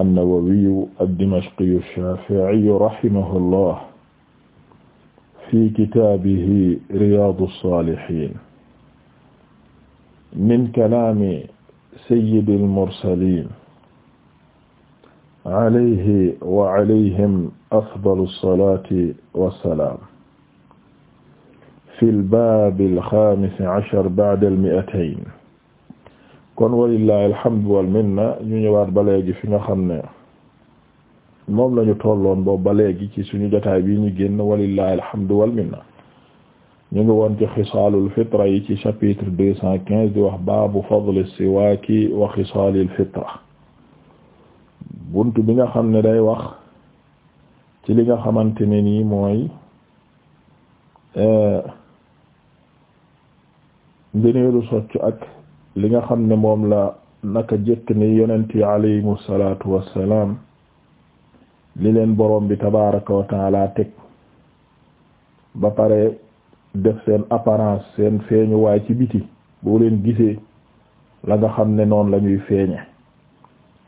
an-Nawawi ad-Dimashqi ash-Shafi'i rahimahullah fi kitaabihi Riyaadu s-Saalihiin min kalaami sayyidil mursaliin alayhi wa alayhim afdalu salaati wa salaam fil baabil xaamis cashar ba'dal mi'atayn kon walillahi alhamdu wal ñu ñëwaat ba léegi fi nga xam ne moom lañu tolloon boobu ba léegi ci suñu jotaay bi ñu génn walillahi alhamdu wal minna ñu ngi woon ci xisaalul fitra yi ci chapitre deux cent quinze di wax baabu fadl siwaaki wa xisaalil fitra bunt bi nga xam ne day wax ci li nga xamante ni nii mooy ngëneelu eh, soccu ak li nga xam ne moom la naka jëkk ni yonent yi alayhimu salaatu wassalaam li leen borom bi tabaaraka wa taala teg ba pare def seen apparence seen feeñuwaay ci biti boo leen gisee la nga xam ne noonu la ñuy feeñe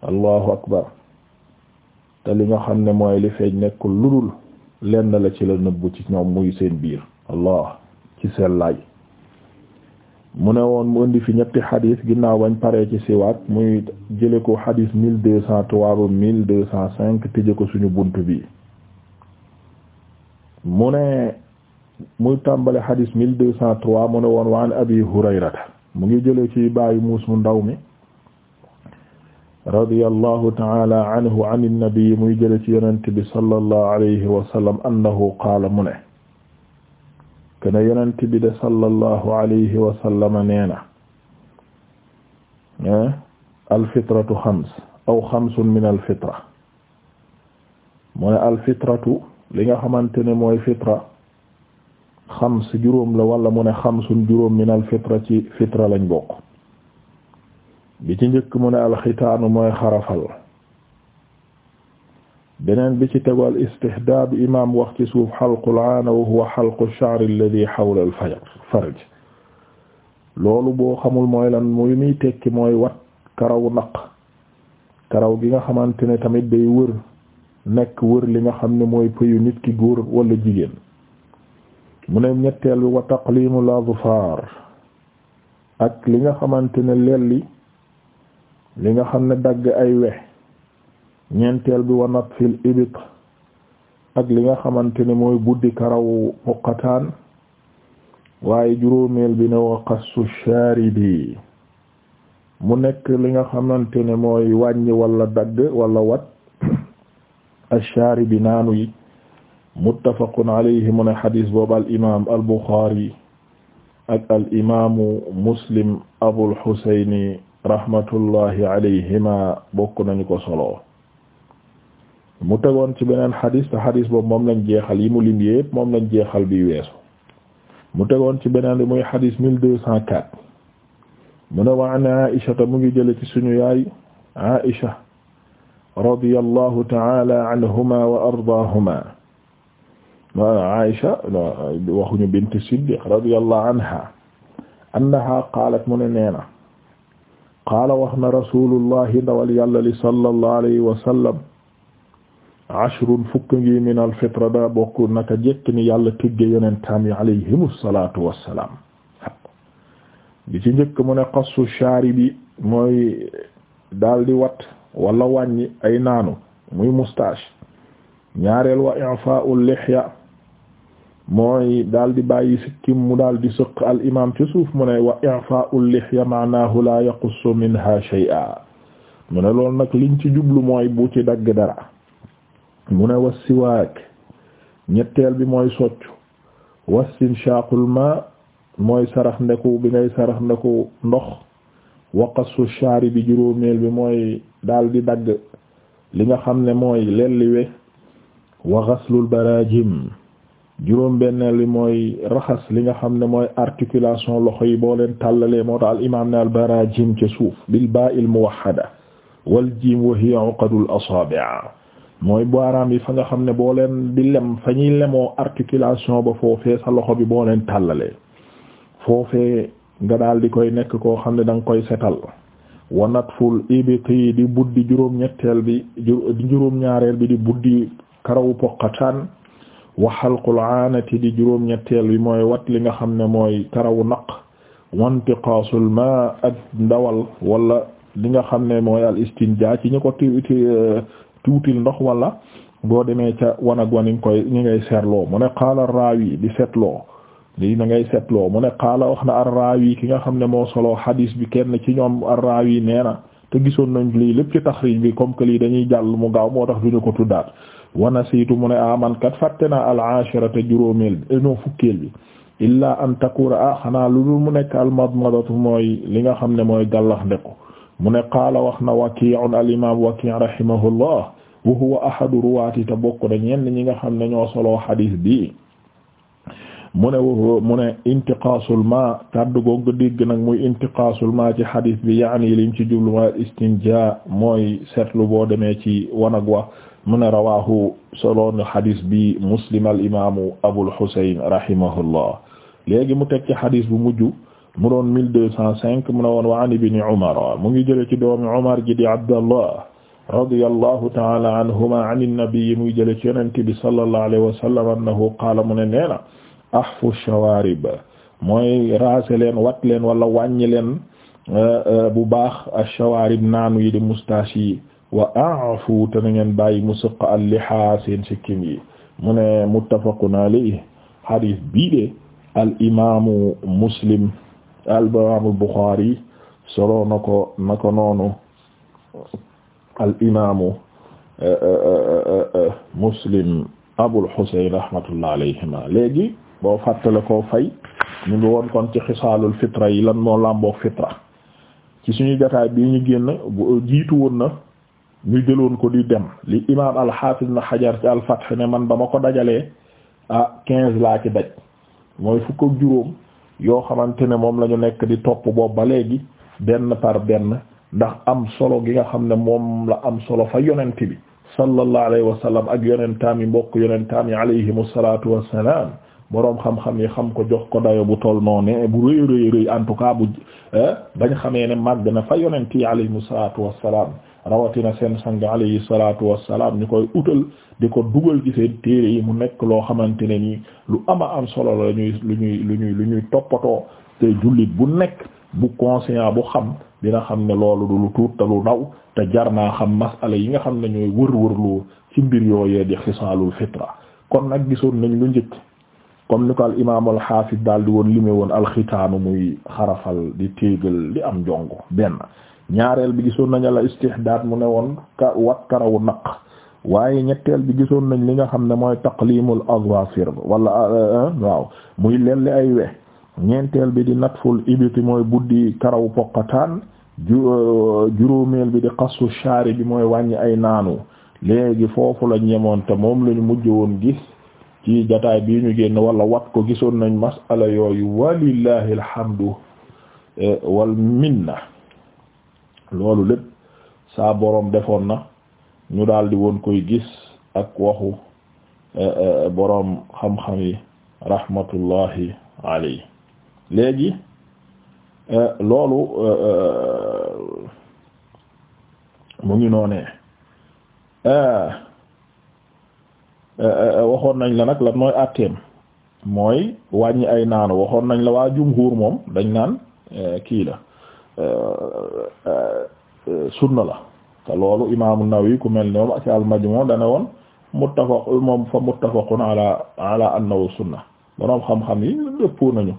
allahu akbar te li nga xam ne mooy li feeñ nekkul ludul lenn la ci la nëbbu ci ñoom muy seen biir allah ci seen laaj mu ne woon mu indi fi ñetti xadis ginnaaw bañ paree ci siwaat muy jële ko xadis mille deux cent trois ba mille deux tëje ko suñu bunt bi mu ne muy tàmbale xadis mille deux cent trois mu ne woon waan abi hurayrata mu ngi jële ci bàyyi muus mu ndaw mi radiyallahu taala anhu an innabii muy jële ci yonente bi sallallahu alayhi wa sallam annahu mu ne kene yonent bi de sallallahu alayhi wa sallam neena alfitratu xams aw xamsun min alfitra mu ne alfitratu li nga xamante ne mooy fitra xams juróom la wala mu ne xamsun juróom min alfitra ci fitra lañ bokk bi ci njëkk mu ne alxitaanu mooy xarafal beneen bi ci tegu al istihdaab imaam wax ci suuf xalqul aana wa huwa xalqu sha'r alladhi hawla al farj loolu boo xamul mooy lan muy muy tekki mooy wat karaw naq karaw gi nga xamante ne tamit day wër nekk wër li nga xam ne mooy pëyu nit ki góor wala jigéen mu ne ñetteel bi wa taqlimul azfar ak li nga xamante ne lelli li nga xam ne dagg ay we ñeenteel bi wa natfil ibit ak li nga xamante ne mooy buddi karaw poqataan waaye juróomeel bi ne wa qassu shaaribi mu nekk li nga xamante mooy wàññi wala dagg wala wat ashaaribi naanu yi muttafaqun alayhi mu ne xadis boobu al imaam al buxaari ak al imaamu muslim abul xusayni rahmatullahi alayhima bokk nañu ko solo. mu te tegoon ci beneen xadis te xadis boobu moom lañ jeexal yi mu lim yépp moom lañ jeexal bi weesu mu tegoon ci beneen bi muy xadis mille deux cent quatre mu ne wa an Aisha ta mu ngi jële ci suñu yaay Aisha radiyallahu ta'ala anhuma wa ardaahuma wa Aisha waxuñu bint Siddiq radiyallahu anha annaha qaalat mu ne neena qaala wax na rasulullahi ndawal yàlla li sallallahu alayhi wa sallam ashrun fukka ngi min al fitra bokk naka jekk ni yàlla tëgge yonentam yi alayhimu salaatu wassalaam bi ci njëkk mu ne qassu shaaribi mooy daldi wat wala wàññi ay naanu muy moustache ñaareel wa i'faa'ul lihya mooy daldi bàyyi sikkim mu daldi sëq al imam mu ne wa i'faa'ul lihya ma'naahu laa yaqussu minha shay'a mu ne loolu nag liñ ci jublu mooy bu ci dagg dara mu ne was siwaak ñetteel bi mooy soccu wastinshaqul ma mooy sarax ndeku bi ngay sarax ndeku ndox waqasu shaari bi juróomeel bi mooy daal di dagg li nga xam ne mooy lelliwe wa ghaslul barajim juróom benneel bi mooy raxas li nga xam ne mooy articulation loxo yi boo leen tàllalee moo tax al imam ne al ca suuf bi ba'il muwahhada wal jim wa hiya uqadul asabi' mooy baaraam yi fa nga xam ne boo leen di lem fa ñuy lemoo articulation ba foofee sa loxo bi boo leen tàllalee foofee nga daal di koy nekk koo xam ne danga koy setal wanatful ibiti di buddi juróom ñetteel bi juróom ñaareel bi di buddi karawu poqataan wa xalqul aanati di juróom ñetteel bi mooy wat li nga xam ne mooy karawu naq wantiqaasul ma ak ndawal wala li nga xam ne mooy al istinja ci ñu ko ti tuutil ndox wala boo demee ca wanag wa ni koy ni ngay seetloo mu ne qaala raawi di seetloo lii na ngay seetloo mu ne qaala wax na ar-raawi ki nga xam ne moo solo xadiis bi kenn ci ñoom ar-raawi nee na te gisoon nañ lii lépp ci taxriij bi comme que lii dañuy jàll mu gaaw moo tax duñu ko tuddaat wana siitu mu ne aman ah kat fàtte naa al-aashira te juróomeel eh, no fukkeel bi illaa an takura ah xanaa lu dul mu nekk al-madmadatu mooy li nga xam ne mooy gàllax ndeku mu ne qaala wax na waki'un al imam waki' rahimahullah wa huwa ahadu ruwaati te bokk na ñenn ñi nga xam ne ñoo soloo xadiis bi mu ne mu ne intiqaasul ma kàddu googu nag muy intiqaasul ma ci xadiis bi yaani lim ci jublu ma istinja mooy seetlu boo demee ci wanag wa mu ne rawaahu soloon xadiis bi muslim al imaamu abul xuseyn rahimahullah léegi mu teg ci xadiis bu mujj mu doon mille deux cent cinq mu ne woon mu ngi jële ci doomi Umar ji di Abdallah radiyallahu taala anhuma an innabii mu ngi jële ci yonente bi wa sallam annahu qaala mu ne na ahfu shawarib mooy raase leen wat leen wala wàññi leen euh, euh, bu baax ash-shawarib naanu yi di moustache yi wa bàyyi musaq al-liha seen mu ne muttafaqun Muslim al imaam Buxaari solo na ko na ko noonu al imaamu eh, eh, eh, Muslim Abul Husayn rahmatullah alayhima léegi boo fàttale ko fay ñu ngi woon kon ci xisaalul fitra yi lan moo làmboog fitra ci suñu jotaay bi ñu génn jiitu woon na ñu jëloon ko di dem li imaam al-Hafiz na Hajar ci al-Fath ne man ba ma ko dajale ah quinze laa daj mooy fukk juróom yoo xamante ne moom la ñu nekk di topp boobu ba léegi benn par benn ndax am solo gi nga xam ne moom la am solo fa yonent bi sallallahu alayhi wa sallam ak yonentaam yi mbokk yonentaam yi alayhimu salaatu wassalaam boroom xam-xam yi xam ko jox ko dayo bu toll noo ne bu rëy rëy rëy en tout cas bu eh, bañ xamee ne màgg na fa yonent yi alayhimu salaatu wassalaam rawatina seen sang alayhi salaatu wassalaam ñu koy utal di ko dugal ci seen téere yi mu nekk loo xamante ne nii lu ama am solo la ñuy lu ñuy lu ñuy lu ñuy toppatoo te jullit bu nekk bu conscient bu xam dina xam ne loolu du lu tuut te lu ndaw te jar naa xam masala yi nga xam ne ñooy wër-wërloo ci mbir yooyee di xisaalul fitra kon nag gisoon lu njëkk comme ni ko al imaam al xaafis daal di woon lime woon alxitaanu muy xarafal di téegal di am jongo benn ñaareel bi gisoon nañ la istihdaad mu ne woon ka wat karawu naq waaye ñetteel bi gisoon nañ li nga xam ne mooy taqlimul azafir wala eh, waaw muy lelli ay we ñeenteel bi di natful ibiti mooy buddi karawu pokataan eh, juróomeel bi di qasu shaari bi mooy wàññi ay naanu léegi foofu la ñemoon te moom lañu mujj woon gis ci jataay bii ñu génn wala wat ko gisoon nañ masala yooyu walillahi alhamdu e, wal loolu lépp saa boroom defoon na ñu daldi woon koy gis ak waxu e, e, boroom xam-xam yi rahmatullahi alayhi léegi loolu mu ngi noonee Eh, eh, eh, waxoon nañ la nag lan mooy atteem mooy wàññi ay naanu waxoon nañ la waa jumhuur moom dañ naan kii la sunna la te loolu imaamu Nawawi ku mel ñoom ci al-Majmu' dana woon muttafaq moom fa muttafaqun ala ala annahu sunna boroom xam-xam yi dëppoo nañu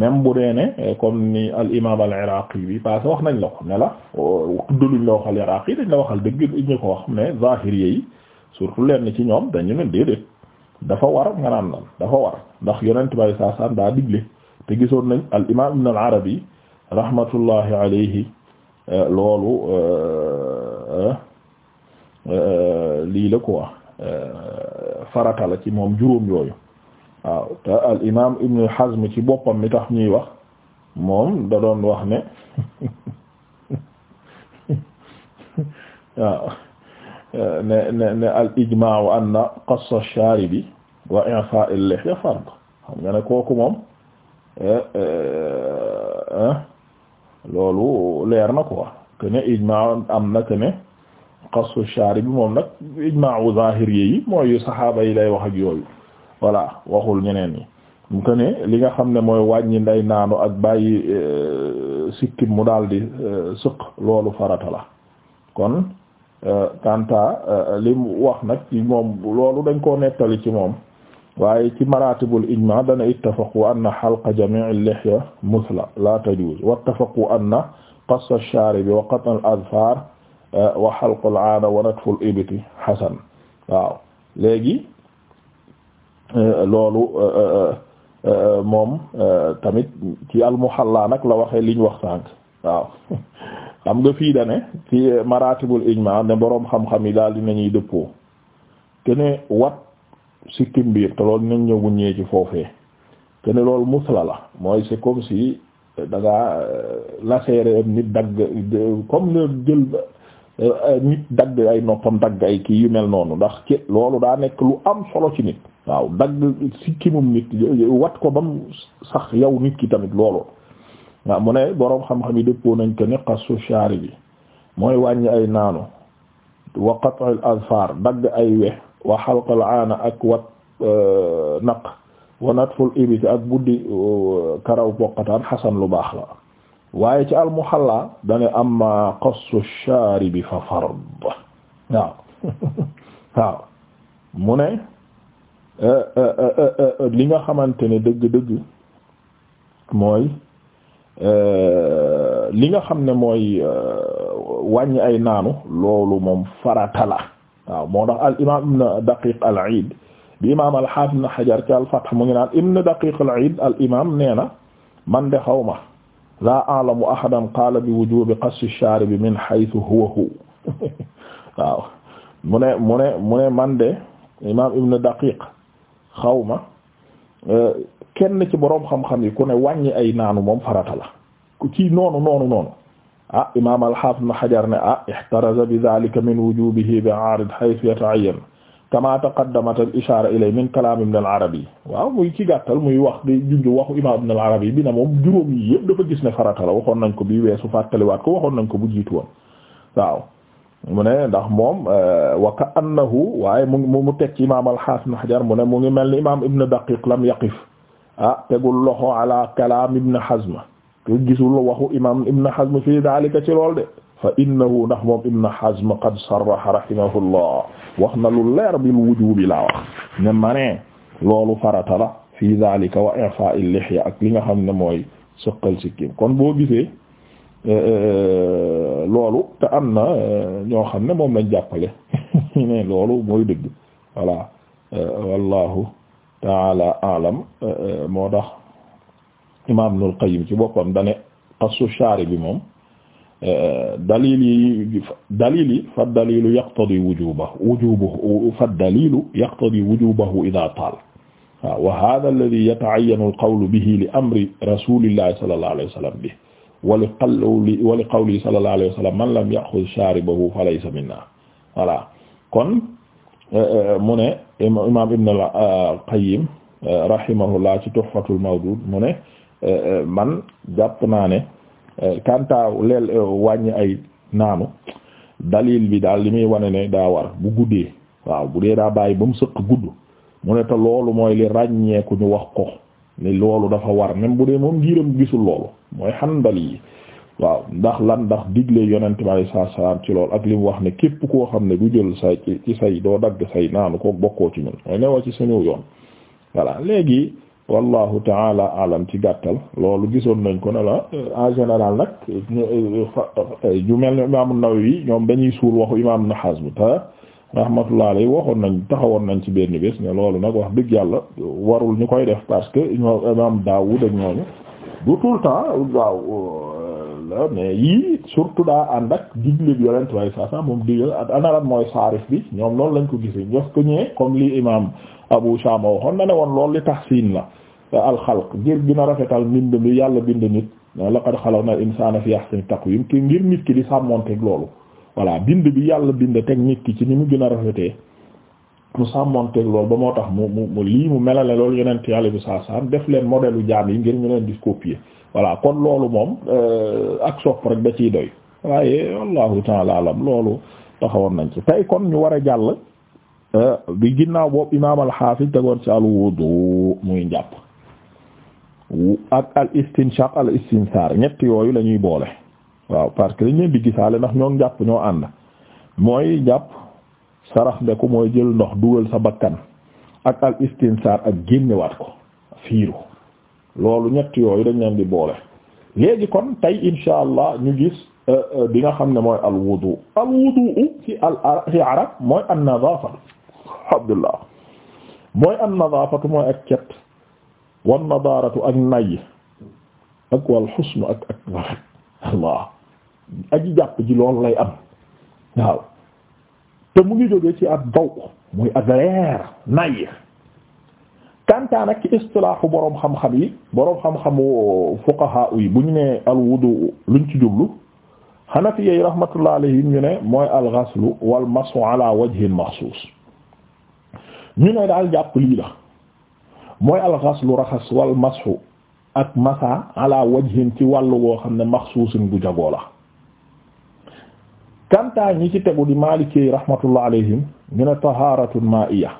même bu dee ne comme ni al imaam al iraqi bi parce wax nañ la ko ne la oh, tuddaluñ la waxal iraqi dañ la waxal dëgg ñu ko wax ne zahiri yi surtout leen ci ñoom dañu ne déedéet dafa war nga naan lan dafa war ndax yonent bay saa saan daa digle te gisoon nañ al imam ibn al arabi rahmatullahi alayhi euh, loolu euh, euh, lii la ko wax la ci moom juróom yooyu waaw te al imam ibn hazm ci boppam mi tax ñuy wax moom da doon wax ne waaw Euh, ne ne ne al ijmaa anna qassa sharibi wa i'fa al lihya fard nga ne kooku moom euh, euh, loolu leer na quoi que ijmaa am na que ne qassu sharibi moom nag ijmaa zahiri yi mooy saxaaba yi lay wax ak yooyu voilà waxul ñeneen ñi mu li nga xam ne mooy wàññi ndey naanu ak bàyyi sikkim mu daal di sëq loolu farata la kon. Euh, kanta euh, euh, li mu wax nag ci moom loolu dañ koo nettali ci moom waaye ci maratibul ijma dana ittafaqu anna halqa jami' al-lihya muthla la tajuz wattafaqu anna qass ash-sharibi wa qat' al-azfar wa halq al-'ana wa natf al hasan waaw loolu moom tamit ci al-muhalla nag la waxee liñ wax sànq waaw xam nga fii dane ci maratibul ijma ne boroom xam-xam yi daal dinañuy dëppoo te wat sikkim biir te loolu nañ ñëw bu ñëwee ci foofee te ne loolu musla la mooy c'est comme si da ngaa euh, lacéré nit dagg comme nga jël euh, euh, nit dagg ay noppam dagg ay kii yu mel noonu ndax ci loolu daa nekk lu am solo ci nit waaw dagg sikkimum nit wat ko bam sax yow nit ki tamit loolu nga mu ne boroom xam-xam yi dëppoo nañ ko ni qasu shaari bi mooy wàññi ay naanu wa qat' al azfar dagg ay we wa xalq al aana ak wat euh, naq wa natful ibiti ak buddi euh, karaw poqataan xasan lu baax la waaye ci al muhalla dane amma qasu shaari bi fa fard mu ne euh, li nga xamante ne dëgg-dëgg mooy Euh, li nga xam ne mooy euh, wàññi ay naanu loolu moom farata la waaw moo daqiq al iid bi imaam al haafiz ibn hajar ci al fath mu ngi naan ibn daqiq al iid al imaam nee na man de xawma ma laa a'lamu ahadan qaala bi wujuubi qassi ash-shaarib min haythu huwa hu mu ne mu ne man de imaam ibn daqiq xaw ma euh, kenn ci boroom xam-xam yi ku ne wàññi ay naanu moom farata la ku ci noonu noonu noonu ah imam al-Hafiz Ibn Hajar ne ah ihtaraza bi dhalika min wujubihi bi arid haythu yata'ayyan kama taqaddamat al-ishara ilay min kalam Ibn al-Arabi waaw muy ci gàttal muy wax di junju waxu imam Ibn al-Arabi bi na moom juróom yi yëpp dafa gis ne farata la waxoon nañ ko bi weesu fàttaliwaat ko waxoon nañ ko bu jiitu woon waaw mu ne ndax moom eh, wa ka annahu waaye mu mu teg ci imam al-Hafiz Ibn Hajar mu ne mu ngi mel ni imam Ibn Daqiq lam yaqif ah tegul loxo ala kalaam Ibn Hazm te gisul waxu imaam Ibn Hazm fii daalika ci lool de fa innahu ndax moom Ibn Hazm qad sarraha rahimahullah wax na lu leer bil wujubi laa wax ne ma ne loolu farata la fii daalika wa i'faa'il lihya ak li nga xam ne mooy sëqal sikkim kon boo gisee eh, eh, eh, loolu te am na ñoo xam ne moom lañ jàppale ne loolu mooy dëgg voilà wallahu taala alam euh, euh, moo tax imaam Ibnul Qayyim ci boppam dane xassu shaari bi moom euh, dalil yi dalil yi fa dalilu yaqtadi wujubahu wujubahu fa dalilu yaqtadi wujubahu idha taal waaw wa hadha alladhi yata'ayyanu al-qawlu bihi li amri rasulillahi sallallahu alayhi wa sallam bihi wa li qawli wa li qawlihi sallallahu alayhi wa sallam man lam ya'khudh sharibahu falaysa minna voilà kon mu ne imam Ibn al-Qayyim rahimahullah ci Tuhfatul Mawdud mu ne man jàpp naa ne kanta leel wàññi ay naanu dalil bi daal li muy wane ne daa war bu guddee waaw bu dee daa bàyyi ba mu sëq gudd mu ne te loolu mooy li ràññeeku ñu wax ko ni loolu dafa war même bu dee moom ngiram gisul loolu mooy Hanbali yi waaw ndax lan ndax digle yonente bi alayhi salaam ci loolu ak li mu wax ne képp koo xam ne du jël sa ci say doo dagg say naanu ko bokkoo ci ñun mooy newa ci suñu yoon voilà léegi wallahu taala alam ci gàttal loolu gisoon nañ ko ne la euh, en général nag euh, euh, ju mel ne imaamu Nawawi ñoom dañuy suul waxu imaam Ibn Hazm te rahmatullah alayhi waxoon nañ taxawoon nañ ci benn bés ne loolu nag wax dëgg yàlla warul ñu koy def parce que ñoom imaam Daawud ak ñooñu du tout temps waaw la mais yii surtout daa ànd ak digle bi yolent way sasa moom digal analan mooy saarif bi ñoom loolu lañ ko gisee jof ko ñëwee comme li imam Abu Shama waxoon na ne woon loolu li tahsin la alxalq ngir gën a rafetal mbind mi yàlla bind nit laqad xalaqna al insana fi ahsani taqwim ngir nit ki di sàmmoonteeg loolu voilà bind bi yàlla bind teg nit ki ci ni mu gën a rafetee mu sàmmonteeg loolu ba moo tax mu mu lii mu melale loolu yeneen yàlla bi saa saam def leen modèle u jaam yi ngir ñu leen di copier voilà kon loolu moom euh, ak sopp rek da doy waaye wallahu taala loolu taxawoon nañ ci tey kon ñu war a jàll euh, bi ginnaaw boobu imaam al-Hafiz tegoon ci al-wudu muy njàpp ak al istinshaq al istinsaar ñett yooyu la ñuy boole waaw parce que dañ leen di gisaale ndax ñoo njàpp ñoo ànd mooy jàpp sarax ndeku mooy jël ndox dugal sa bakkan ak al istinsaar ak génnewaat ko fiiru loolu ñett yooyu dañ leen di boole léegi kon tey insha allah ñu gis bi euh, euh, nga xam ne mooy al wudu al wudu ci al ci arab mooy an nadaafatu alhamdulillah mooy an nadaafatu mooy ak cet wan allah aji jàpp ji loolu lay am waaw te mu ngi jógee ci ab daw muy ak leer nay kantaan ak ci istilaaxu boroom xam-xam yi boroom xam-xamu fuqaha yi bu ñu nee al wudu luñ ci jublu xanafi yi rahmatullah alayhim ñu ne mooy al ghaslu wal masu ala wajhin maxsuus ñu ne daal jàpp lii la mooy al ghaslu raxas wal masu ak masa ala wajhin ci wàllu woo xam ne maxsuusin gu jagoo la kantaa ñi ci tegu di maalikey rahmatullah alayhim ñu ne taharatun ma'iya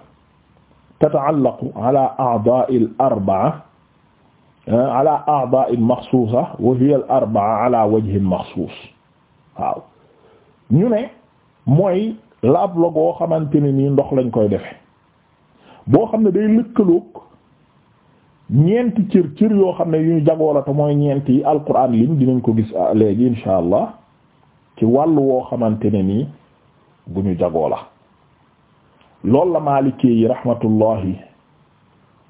tataallaqu ala a'da'i al-arba'a ala a'da'in maxsuusa wa hiya al-arba'a ala wajhin maxsuus waaw ñu ne mooy laab la goo xamante ne nii ndox lañ koy defe boo xam ne day lëkkaloog ñeenti cër cër yoo xam ne yu ñu jagoo la te mooy ñeenti yi alquran liñ dinañ ko gis ah, léegi insha allah ci wàllu woo xamante ne nii bu ñu jagoo la loolu la maalikee yi rahmatullahi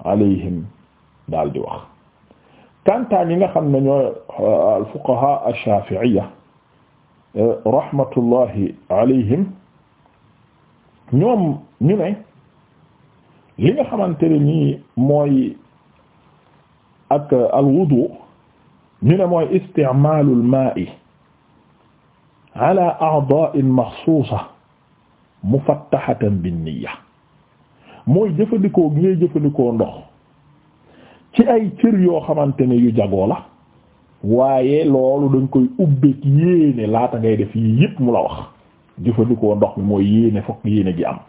alayhim daal di wax kantaa ñi nga xam ne ñooy euh, al fuqaha ash-shafi'iyya euh, rahmatullahi alayhim ñoom li nga xamante ne nii mooy ak euh, al wudu ñu mooy isticmaalul maa'i ala a'da'in maxsuusa mufattahatan bin niyya mooy jëfandikoo ngay jëfandikoo ndox ci ay cër yoo xamante ne yu jagoo la waaye loolu dañ koy ubbeek yéene laata ngay def yii yëpp mu la wax jëfandikoo ndox mi mooy yéene fokk yéene gi am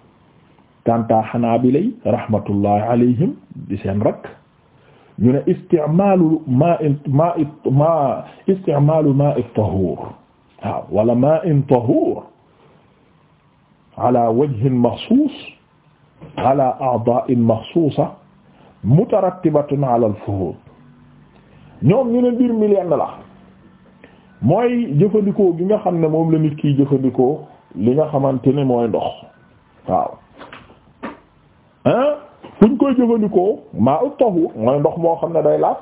kanta xanaabilay rahmatullahi alayhim di seen rak ñu ne isticmaalu ma ma ma isticmaalu ma at-tahur waaw wala in tahur ala wajhin maxsuus ala a'da'in maxsuusa mutarattibatun ala al ñoom ñu ne mbir mi lenn la mooy jëfandikoo gi nga xam ne moom la nit kiy jëfandikoo li nga xamante ne mooy ndox waaw hein fu koy jëfandikoo maa ut taxu mooy ndox moo xam ne day laab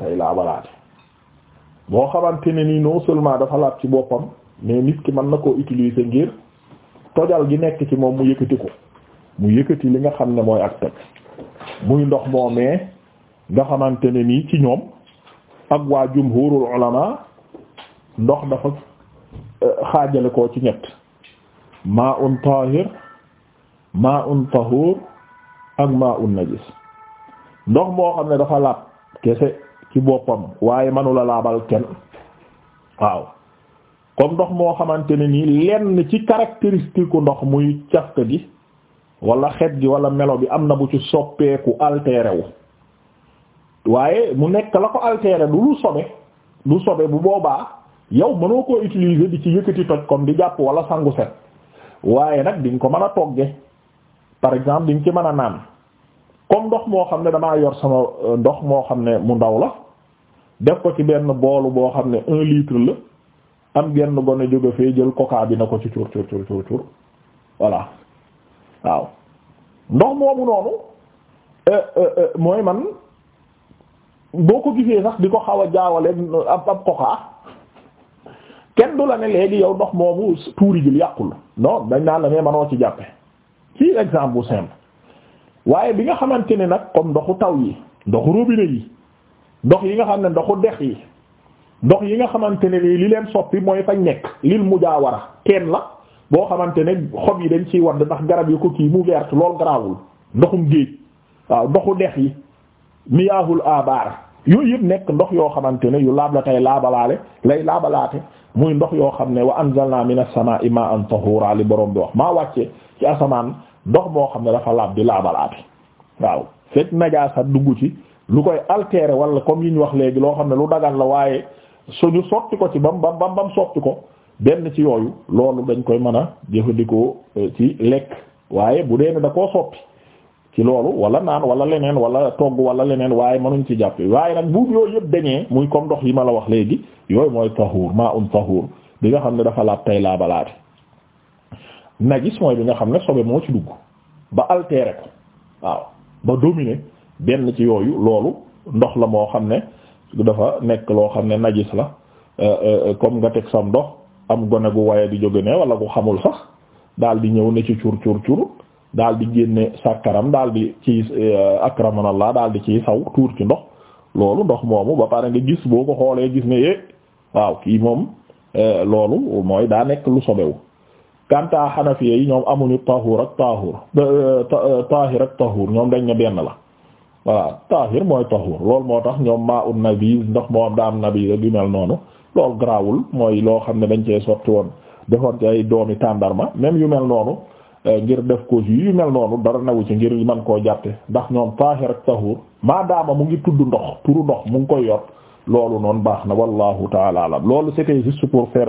day laabalaate boo xamante ni nii non dafa laab ci boppam mais nit ki man na koo utiliser ngir tojal gi nekk ci moom mu yëkkati ko mu yëkkati li nga xam ne mooy ak toj muy ndox moomee nga xamante ne nii ci ñoom ak waa jumhurul ulama ndox dafa eh, xaajale ko ci ñett ma'un tahir ma'un tahur ak ma'un najis ndox moo xam ne dafa laab kese ci boppam waaye manula laabal kenn waaw comme ndox moo xamante ne nii lenn ci caractéristique ku ndox muy cafka gi wala xet gi wala melo bi am na bu ci soppeeku altéré waaye mu nekk la ko altéré du lu sobe lu sobe bu boobaa yow mënoo ko utiliser di ci yëkkati toj comme di jàpp wala sangu set waaye nag di ko mën a togge par exemple di nga ci mën a naan comme ndox moo xam ne damaa yor sama ndox moo xam ne mu ndaw la def ko ci benn boolu boo xam ne un litre la am genn gone jóge fee jël coca bi na ko ci cuur cuur cuur cuur voilà waaw ndox moomu noonu euh, euh, euh, mooy man boo ko gisee sax di ko xaw a jaawale ab ab coca kenn du la ne léegi yow ndox moomu tuuri jël yàqul non dañ naa la mais manoo ci jàppe ci exemple bu simple waaye bi nga xamante ne nag comme ndoxu taw yi ndoxu robinet yi ndox yi nga xam ne ndoxu dex yi ndox yi nga xamante ne li leen soppi mooy fañ nekk lil mujaawara teen la boo xamante ne xob yi dañ ciy wadd ndax garab yu ko kii mu vert lool garaawul ndoxum géej waaw ndoxu dex yi miyaahul abaar yooyu yëpp nekk ndox yoo xamante ne yu laab la tey laabalaale lay laabalaate muy ndox yoo xam ne wa anzalna minas samaa'i maa'an tahuura li borom bi wax maa wàcce ci asamaan ndox moo xam ne dafa laab di laabalaate dugg ci lu koy altérer wala comme yi ñu wax léegi loo xam ne lu dagal la waaye suñu sotti ko ci bam bam bam bam sotti ko benn ci yooyu loolu dañ koy mën a jëfandikoo euh, ci lekk waaye bu dee ne da koo soppi ci loolu wala naan wala leneen wala togg wala leneen waaye mënuñ ci jàppe waaye nag bu yooyu yëpp dañee muy comme ndox yi ma la wax léegi yooyu mooy tahuur maa um tahuur bi nga xam ne dafa laab tay laabalaate najis mooy bi nga xam ne sobe moo ci dugg ba altérer ko waaw benn ci yooyu loolu ndox la moo xam ne dafa nekk loo xam ne najis la euh, euh, euh, comme nga tex sam ndox am gone gu waye di jóge ne wala gu xamul sax daal di ñëw ne ci cuur cuur cuur daal di génne sàkkaram daal di ci akramanallah daal di ciy saw tuur ci ndox loolu ndox moomu ba pare nga gis boo ko xoolee gis ne eh waaw kii moom loolu mooy daa nekk lu sobewu kanta xanafiye yi ñoom amuñu tahur ak tahur tahir ak tahur ñoom dañ ne benn la voilà tahir mooy tahur loolu moo tax ñoom maa ut nabiz ndox moom daa am nabiz ak yu mel noonu loolu garaawul mooy loo xam ne dañ cee sotti woon defoon ci ay doomi tàndarma même yu mel noonu euh, ngir def ko yu mel noonu dara newu ci ngir mën koo jàppe ndax ñoom tahir ak tahur maadaama mu ngi tudd ndox turu ndox mu ngi koy yor loolu noonu baax na wallahu taala alam loolu c'était juste pour faire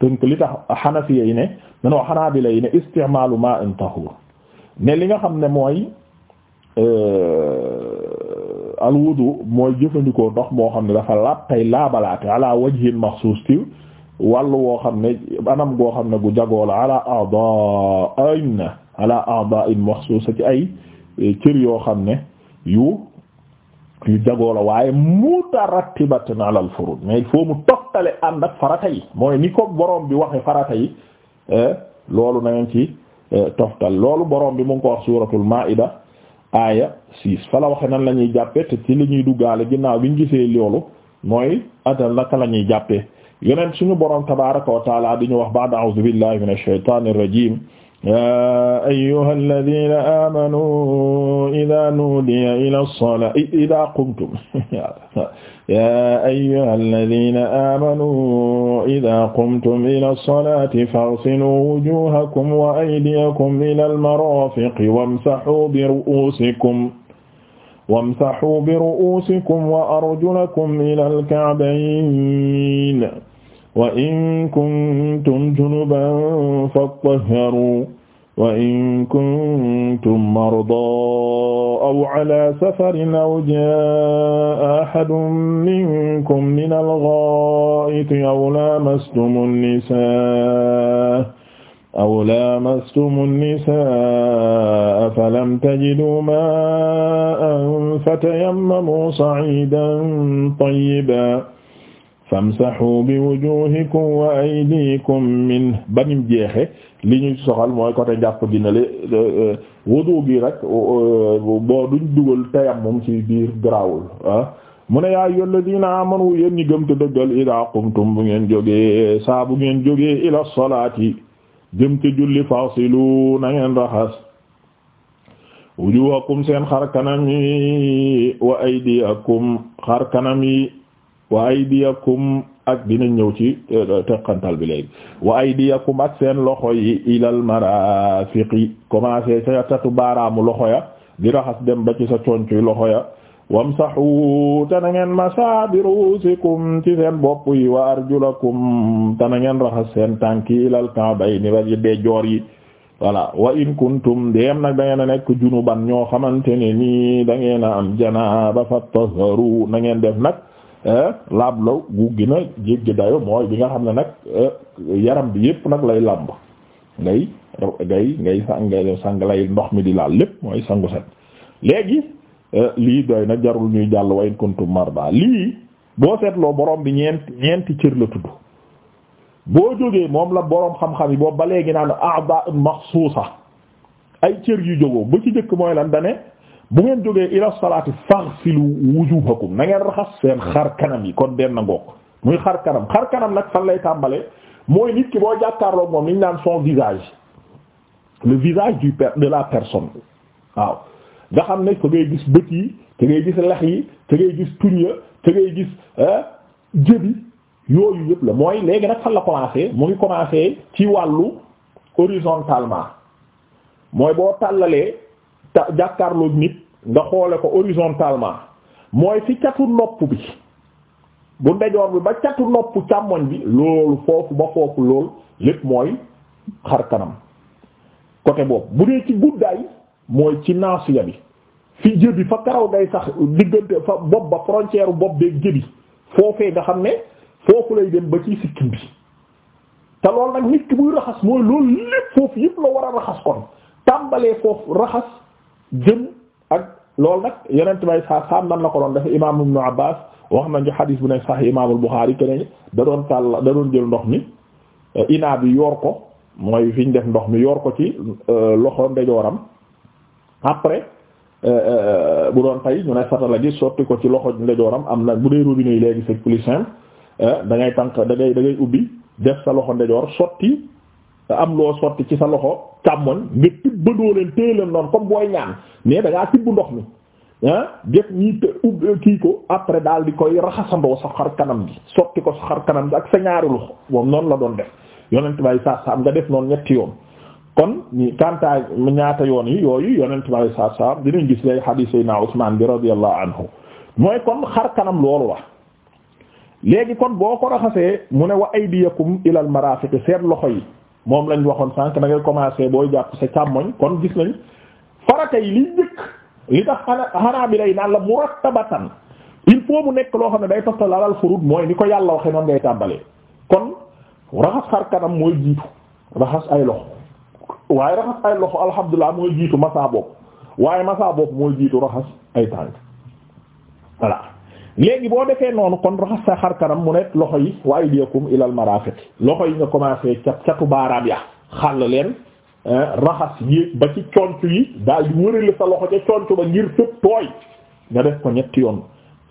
tënk euh, li tax xanafiya yi ne menoo bi lay ne isticmalu ma'in ne li nga xam ne mooy Euh, alwudu mooy jëfandikoo ndox moo xam ne dafa laab tey laabalaate ala wajhin maxsuus ci wàllu woo xam ne anam goo xam ne gu jagoo la ala a'da'in ala a'da'in maxsuusa ci ay eh, cër yoo xam ne yu yu jagoo la waaye mutarattibatin ala al furud mais il faut toftale ànd ak yi mooy ni ko borom bi waxe farata yi eh, loolu na ngeen ci eh, toftal loolu borom bi mu ngi ko wax suuratul maa'ida aaya six fa la waxe nan la ñuy jàppe te ci li ñuy duggaale ginnaaw bi ñu gisee loolu mooy adal naka la ñuy jàppee yeneen suñu borom tabaraka wa taala di ñu wax ba'da a'uuzu billahi minash shaytaanir rajiim yaa ayyuhal ladiina aamanuu idaa nuudiya ilas salaati idaa qumtum yaa ayyuhal ladiina aamanuu idaa qumtum ilas salaati fagsiluu wujuuhakum wa aydiyakum ilal maraafiqi wamsaxuu biru'uusikum wamsaxuu biru'uusikum wa arjulakum ilal ka'bayni wa in kuntum junuban fattahharu wa in kuntum mardaa aw ala safarin aw jaa'a ahadun minkum minal ghaa'iti aw lamastumun nisaa aw lamastumun nisaa falam tajiduu maa'an fatayammamu sa'iidan tayyiban famsahu bi wujuhikum wa aydikum min banim jeexe li ñuy soxal mooy côté njàpp ginale euh, wudu bi rek euh, euh, boo duñ dugal tayammum ci biir grawul ah. mu ne yaa ayyuhal ladina amanu yéen ñi gëm te dëggal ida qumtum bu ngeen jóge saa bu ngeen jógee ila salaati jëm ci julli fasilu na ngeen raxas wujuhakum seen xar kanam yi wa aydiakum xar kanam yi wa aydiyakum ak dina ñëw ci euh, teqantal bi léegi wa aydiyakum seen loxo yi ilal marafiqi commencé ca tatu baaraamu loxo ya di raxas dem ba ci sa conc yi loxo ya wamsahu tana ngeen masa bi ruusikum ci seen bopp yi wa arjulakum tana ngeen raxas seen tànk yi ilal ka'bayni ba ci joor yi voilà wa in kuntum deem nag da ngeen a nekk junuban ñoo xamante ne nii da ngeen a am janaaba fattaharu na ngeen def nag Eh, laab la gu gën a dayo mooy bi nga xam ne nag eh, yaram bi yépp nag lay làmb ngay ngay ngay sang sang lay ndox mi di laal lépp mooy sangu set léegi eh, lii doy na jarul ñuy jàll wayn mar marda lii boo seetloo borom bi ñeent ñeenti cër la tudd boo jógee moom la boroom xam-xam yi boobu ba léegi naan a'da'un maxsuusa ay cër yu jógoo bu ci jëkk mooy lan dane bu ngeen jógee ila salaati faghsilu wujuhakum na ngeen raxas seen xar kanam yi kon benn ngoog muy xar kanam xar kanam nag fan lay tàmbalee mooy nit ki boo jàkkaarloo moom liñ naan son visage le visage du per de la personne waaw nga xam ne fa ngay gis bët yi te ngay gis lex yi te ngay gis tuñ ya te ngay gis jëbi yooyu yëpp la mooy léegi nag fan la commencé mu ngi commencé ci wàllu horizontalement mooy boo tàllalee ta jàkkaarloog nit nga xoole ko horizontalement mooy fi catu nopp bi bu ndejoor bi ba catu nopp càmmoñ bi loolu foofu ba foofu lool lépp mooy xar kanam côté boobu bu dee ci guddaay mooy ci naasiya bi fi bi fa karaw day sax diggante fa bopp ba frontière bopp beeg jëbi foofee nga xam ne foofu lay dem ba ci sikkim bi te loolu nag nit ki buy raxas mooy loolu lépp foofu yëpp la war a raxas kon tàmbalee foofu raxas jëm ak loolu nag yeneen bay saa saam nan la ko doon def imaam ibnu Abbaas wax na ci xadiis bu ne Sahih imaamul Buxaari keneen da doon tàll da doon jël ndox mi euh, inaa bi yoor ko mooy fi def ndox mi yoor ko ci euh, loxo ndeyjooram après euh, bu doon tey ñu ne satala gi sotti ko ci loxo ndeyjooram am na bu dee robinet yi léegi plus simple da ngay tànk da ngay ubbi def sa loxo ndeyjoor sotti. am loo sotti ci sa loxo càmmoñ nga tibbandoo leen téye leen noonu comme booy ñaan mais da ngaa tibb ndox mi ah def ñii te kii ko après daal di koy raxasandoo sa xar kanam bi sotti ko sa xar kanam bi ak sa ñaari loxo moom noonu la doon def yonent bay saa saam nga def noonu ñetti yoon. kon kantaay ñaata yoon yi yooyu yonent bay saa saam dinañ gis lay xadiis Seydina Usmaan bi radiyallahu anhu mooy kon xar kanam loolu la. léegi kon boo ko raxasee mu ne wa aydiyakum ilal marafiq seet loxo yi moom lañ waxoon sànq da ngay commencer booy jàpp sa càmmoñ kon gis nañ farata yi liy njëkk li tax xanaa bi lay naan la murattabatan il faut mu nekk loo xam ne day toftal alal furud mooy ni ko yàlla waxee noonu ngay tàmbalee kon raxas xar kanam mooy jiitu raxas ay loxo waaye raxas ay loxo alhamdulilah mooy jiitu masa bopp waaye masa bopp mooy jiitu raxas ay tànk voilà léegi boo defee noonu kon raxas sa xar kanam mu nekk loxo yi wa aydiyakum ilal marafiq loxo yi nga commencé ca catu baaraam ya xàll leen raxas yéeg ba ci conc yi daal di wërale sa loxo ca conc ba ngir fépp tooy nga def ko ñetti yoon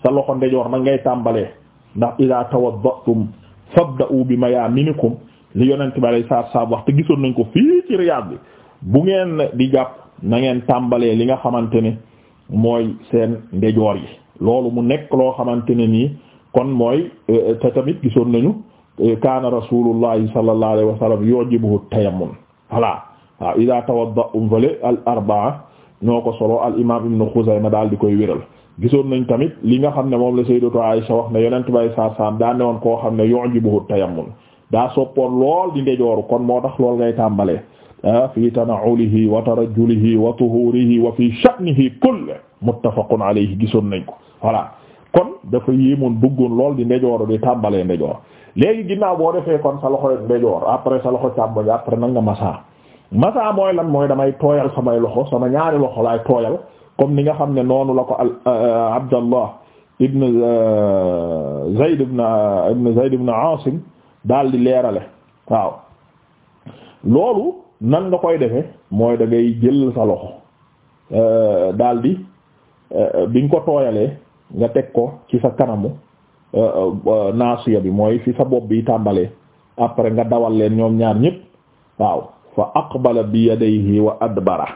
sa loxo ndejoor nag ngay tàmbalee ndax ida tawaddatum fabda'u bi mayaminikum li yonent bi alayhi salaatu salaam wax te gisoon nañ ko fii ci Riyad bi bu ngeen di jàpp na ngeen tàmbalee li nga xamante ni mooy seen ndejoor yi loolu mu nekk loo xamante ne nii kon mooy euh, te tamit gisoon nañu euh, kaana rasulullahi sallallahu alayhi wa sallam yujibuhu tayammun voilà waaw ida tawadda um fale al arbaa ñoo ko solo al imam ibnu Xuzayma daal di koy wéral gisoon nañ tamit li nga xam ne moom la sayyidatu Aisha wax ne yonent bay saa saam daa newoon koo xam ne yujibuhu tayammun daa soppoon lool di ndejooru kon moo tax lool ngay tàmbalee fi tana'ulihi wa tarajjulihi wa tuhurihi wa fi sha'nihi kullihi muttafaqun alayhi gisoon nañ ko voilà kon dafa yéemoon bëggoon lool di ndejoor di tàmbalee ndejoor léegi ginnaaw boo defee kon sa loxo ndejoor après sa loxo càmmoñ après nag nga massa massa mooy lan mooy damay tooyal samay loxo sama ñaari loxo laay tooyal comme ni nga xam ne noonu la ko Abdallah ibn Zayd ibn ibn Zayd ibn Asim daal di leerale waaw loolu nan nga koy defe mooy dangay jël sa loxo euh, daldi euh, bi ko tooyalee nga teg ko ci sa kanamu euh, naasiya bi mooy fi sa bopp bi tàmbalee après nga dawal leen ñoom ñaar ñépp waaw fa aqbala bi yadayhi wa adbara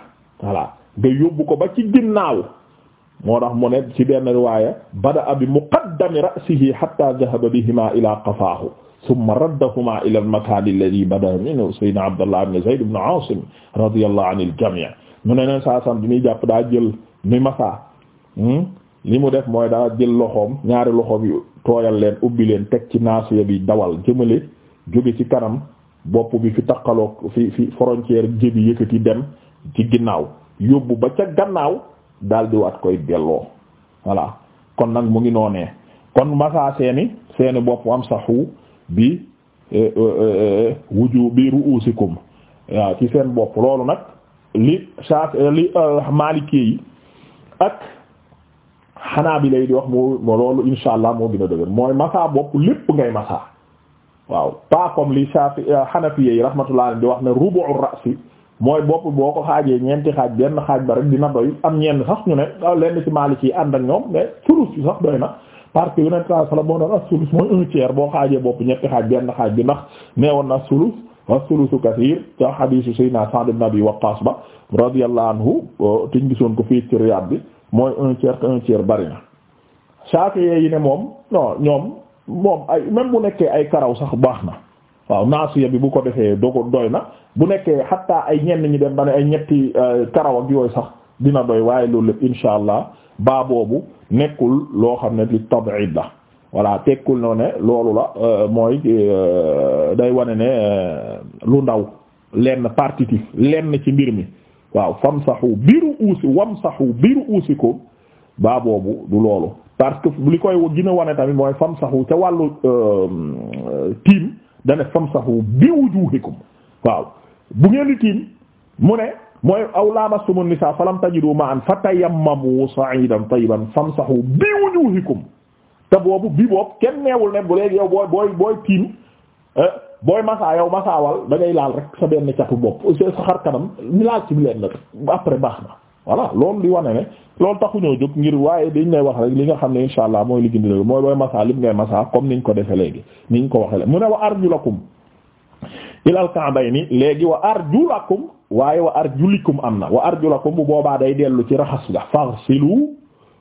voilà nga yóbbu ko ba ci ginnaaw moo tax mu ne ci benn waaye bada abi muqaddami ra'sihi hatta dhahaba bihima ila qafaahu summa raddahuma ila al-makaani alladhi bada minhu sayyidina Abdallah ibn Zayd ibn Aasim radiyallahu anil jamii' mu ne neen saa sam bi muy jàpp daa jël mi masaa hmm? li mu def mooy daa jël loxoom ñaari loxoom yu tooyal leen ubbi leen teg ci naasiya bi dawal jëmale jóge ci kanam bopp bi fi takkaloog fi fi frontière jëbi yëkkati dem ci ginnaaw yóbbu ba ca gannaaw daal di waat koy delloo voilà kon nag mu ngi noonee kon masaa seeni seeni bopp am saxu bi eh, eh, eh, wuju bi ru'usikum waaw ci seen bopp loolu nag li sa li Maliki yi ak bi yi di wax moo loolu insha allah moo gën a dëgër mooy masa bopp lépp ngay masa waaw pas comme li Shafi Hanafi yi rahmatullah di wax ne rubu'u ra'si mooy bopp boo ko xaajee ñeenti xaaj benn xaaj ba rek dina doy am ñenn sax ñu ne ah, lenn ci Maliki yi ànd ak ñoom mais turus ci sax doy na parce que yonent saa sala moo doon as-sulus mooy un tiers boo xaajee bopp ñetti xaaj benn xaaj bi ndax nee woon na as-sulus as-sulusu kasiir ca hadiisu Seydina Sa'd ibn Abi Waqqaas ba radiyallahu anhu tiñ gisoon ko fii ci Riyaad bi mooy un tiers te un tiers bari na Shafi'i yi ne moom non ñoom moom ay même bu nekkee ay karaw sax baax na waaw naasiya bi bu ko defee doo ko doy na bu nekkee xatta ay ñenn ñi dem ba ne ay ñetti euh, karaw ak yooyu sax dina doy waaye loolu lépp insha allah baa boobu nekkul loo xam ne li tab'id la voilà tekkul noo ne loolu la euh, mooy euh, day wane ne euh, lu ndaw lenn partitif lenn ci mbir mi waaw famsahu bi ru'usi wamsahu bi ru'usikum baa boobu du loolu parce que li koy gën wane tamit mooy famsahu ca wàllu tiim dane famsahu bi wujuhikum waaw bu ngeen di mu ne mooy aw lamastumu nisaa falam tajidu ma'an fatayammamu sa'idan tayyiban famsahu bi wujuhikum te boobu bi boobu kenn neewul ne bu léegi yow booy booy booy tiim eh, booy masaa yow masaawal da ngay laal rek sa benn catu bopp sa xar kanam ñu laal ci leen nag après baax na voilà loolu li wane ne loolu taxuñoo jóg ngir waaye dañ lay wax rek li nga xam ne insha allah mooy li gindi loolu mooy booy masaa li ngay masaa comme niñ ko defe léegi niñ ko waxe la mu ne wa arjulakum ilal ka'bayni léegi wa arjulakum waaye wa arjulikum am na wa arjulakum bu boobaa day dellu ci raxas nga faghsilu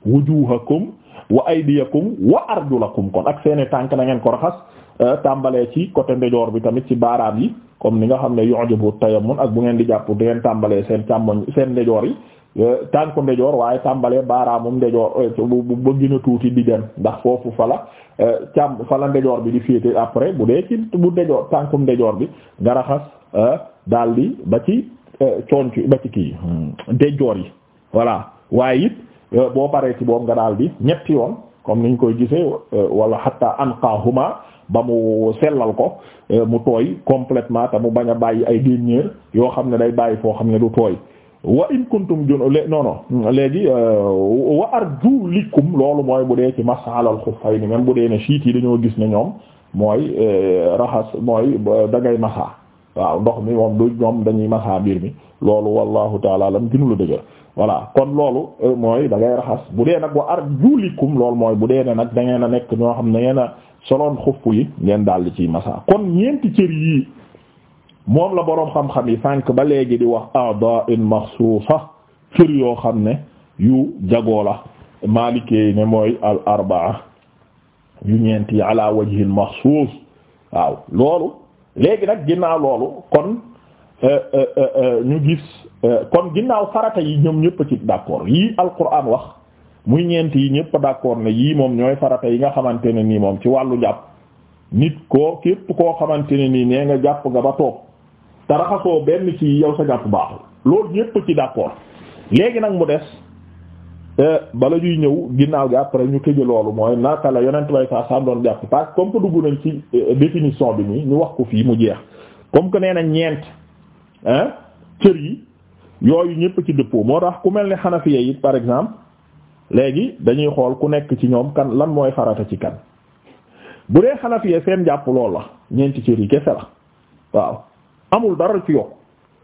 wujuhakum wa aydiyakum wa arjulakum kon ak seeni tànk na ngeen ko raxas euh, tàmbalee ci côté ndejoor bi tamit ci baaraam yi comme ni nga xam ne yu'jibu tayammun ak bu ngeen di jàpp di ngeen tàmbalee seen càmmoñ seen ndejoor yi euh, tànku ndejoor waaye tàmbalee baaraamum ndejoor euh, bu bëgg tuuti di dem ndax foofu fala càmm fala ndejoor bi di féete après bu dee ci bu ndejoor tànkum ndejoor bi nga raxas coon ci ba ci kii yi hmm. voilà waaye it euh, boo baree ci boobu nga daal di ñetti yoon comme niñ koy gisee euh, wala hatta anqahuma ba mu sellal ko euh, mu tooy complètement te mu bañ a bàyyi ay dernier yoo xam ne day bàyyi foo xam ne du tooy wa in kuntum jun lé non non hmm, léegi wa arjulikum loolu mooy bu dee ci masalal xuffayni même bu dee ne siit yi dañoo gis ne ñoom mooy raxas mooy dangay masaa waaw ndox mi moom du ñoom dañuy masaa mbir mi loolu wallahu taala alam ginu la dëgër voilà kon loolu euh, mooy da raxas bu dee nag wa arjulikum loolu mooy bu dee ne nag da ngeen a nekk ñoo xam ne ngeen a soloon xuff yi ngeen daal di ciy masaa kon ñeenti cër yii moom la boroom xam-xam yi sànq ba léegi di wax a'da'in maxsuusa cër yoo xam ne yu jagoo la maalikee ne mooy al arbaa yu ñeenti ala wajhin maxsuus waaw loolu léegi nag ginnaaw loolu kon euh, euh, euh, ñu gis kon ginnaaw farata yi ñoom ñëpp ci d'accord yii alquran wax muy ñeent yi ñëpp d'accord na yii moom ñooy farata yi nga xamante ne nii moom ci wàllu jàpp nit ko képp koo xamante ne nii nee nga jàpp nga ba toog te raxasoo benn ci yow sa jàpp baaxul loolu ñëpp ci d'accord léegi nag mu des. bala juy ñëw ginnaaw gi après ñu tëje loolu mooy naka la yonent bay saa saa doon jàpp parce que comme que dugg nañ ci euh, définition bi ñuy ñu wax ko fii mu jeex comme que nee na ñeent ah cër yi yooyu ñëpp ci dëppo moo tax ku mel ne xanafiya yi par exemple léegi dañuy xool ku nekk ci ñoom kan lan mooy farata ci kan bu dee xanafiya seen jàpp loolu la ñeenti cër yi kese la waaw amul dara ci yokk